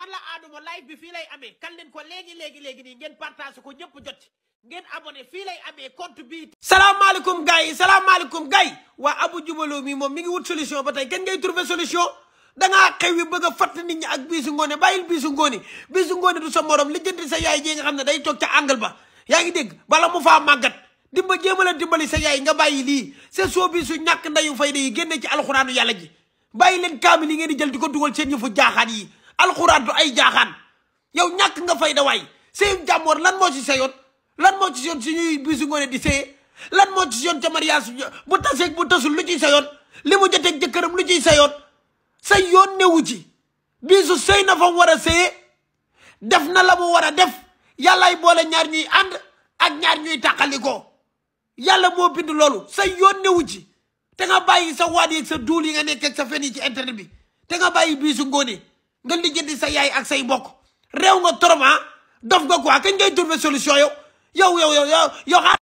alla aaduma live bi fii lay amee kan leen ko léegi léegi léegi nii ngeen partage ko ñëpp jot ngeen abonné fii lay amee compte bi salaamaaleykum gars yi salaamaaleykum gars yi waa Abou Jubaloo mi moom mi ngi wut solution ba tey kenn ngay trouver solution dangaa xew yi bëgg a fatt nit ñi ak biisu ngoone bàyyil biisu ngoone biisu ngoone du sa morom li jënd sa yaay ji nga xam ne day toog ca angle ba yaa ngi dégg bala mu faa màggat dimba jéemaleen dimbali sa yaay nga bàyyi lii sa soo su ñàkk ndayu fayda yi ci alxuraanu yàlla ji bàyyi leen kaamil yi ngeen di jël di ko dugal seen yëfu jaaxaan yi alxuraan du ay jaaxaan yow ñàkk nga fay da waay sëyu jàmmoor lan moo ci seyoon lan moo ci seyoon suñuy bisu ngoone di lan moo ci seyoon ca mariage bu taseeg bu tasul lu ciy seyoon li mu joteeg jëkkëram lu ciy seyoon sa yoon newu ci biisu sey na fa war a sëye def na la mu war a def yàllaay boole ñaar ñuy ànd ak ñaar ñuy tàqalikoo yàlla moo bind loolu sa yoon newu ci te nga bàyyi sa waat yeeg sa duul yi nga nekk sa fen yi ci internet bi te nga bàyyi biisu ngoone nga lijjanti sa yaay ak say bokk réew nga trop ah dof nga quoi kañ ngay trouver solution yow yow yow yow yow.